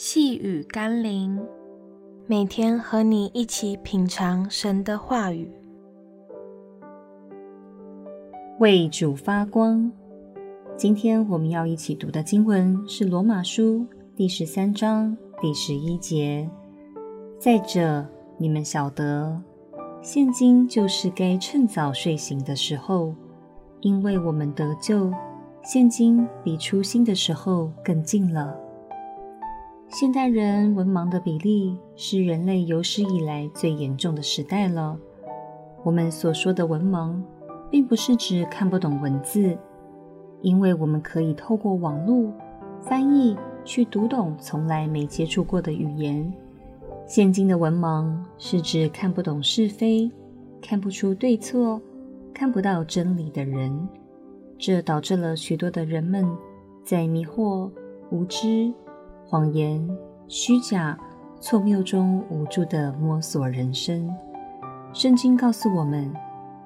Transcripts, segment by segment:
細語甘霖，每天和你一起品嘗神的話語，為主發光。今天我們要一起讀的經文是《羅馬書》第十三章第十一節。再者，你們曉得，現今就是該趁早睡醒的時候，因為我們得救，現今比初信的時候更近了。現代人文盲的比例，是人類有史以來最嚴重的時代了。我們所說的文盲，並不是指看不懂文字，因為我們可以透過網絡、翻譯去讀懂從來沒接觸過的語言。現今的文盲，是指看不懂是非、看不出對錯、看不到真理的人。這導致了許多的人們在迷惑、無知。謊言、虛假、錯謬中無助地摸索人生。聖經告訴我們，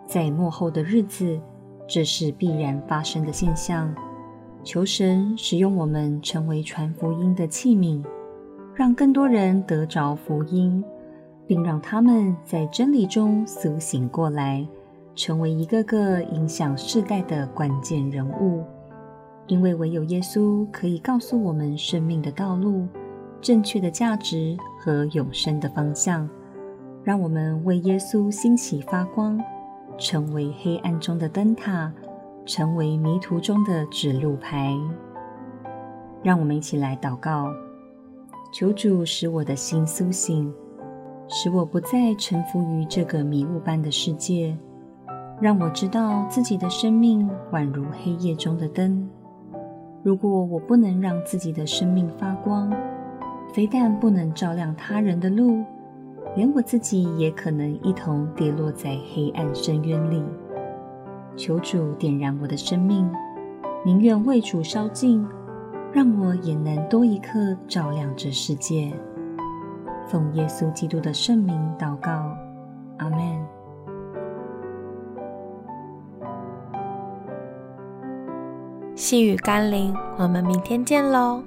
在末後的日子，這是必然發生的現象。求神使用我們成為傳福音的器皿，讓更多人得着福音，並讓他們在真理中甦醒過來，成為一個個影響世代的關鍵人物。因為唯有耶穌可以告訴我們生命的道路、正確的價值和永生的方向。讓我們為耶穌興起發光，成為黑暗中的燈塔，成為迷途中的指路牌。讓我們一起來禱告，求主使我的心甦醒，使我不再沉浮於這個迷霧般的世界，讓我知道自己的生命宛如黑夜中的燈。如果我不能讓自己的生命發光，非但不能照亮他人的路，連我自己也可能一同跌落在黑暗深淵裡。求主點燃我的生命，寧願為主燒盡，讓我也能多一刻照亮這世界。奉耶穌基督的聖名禱告，阿們。細語甘霖，我們明天見嘍。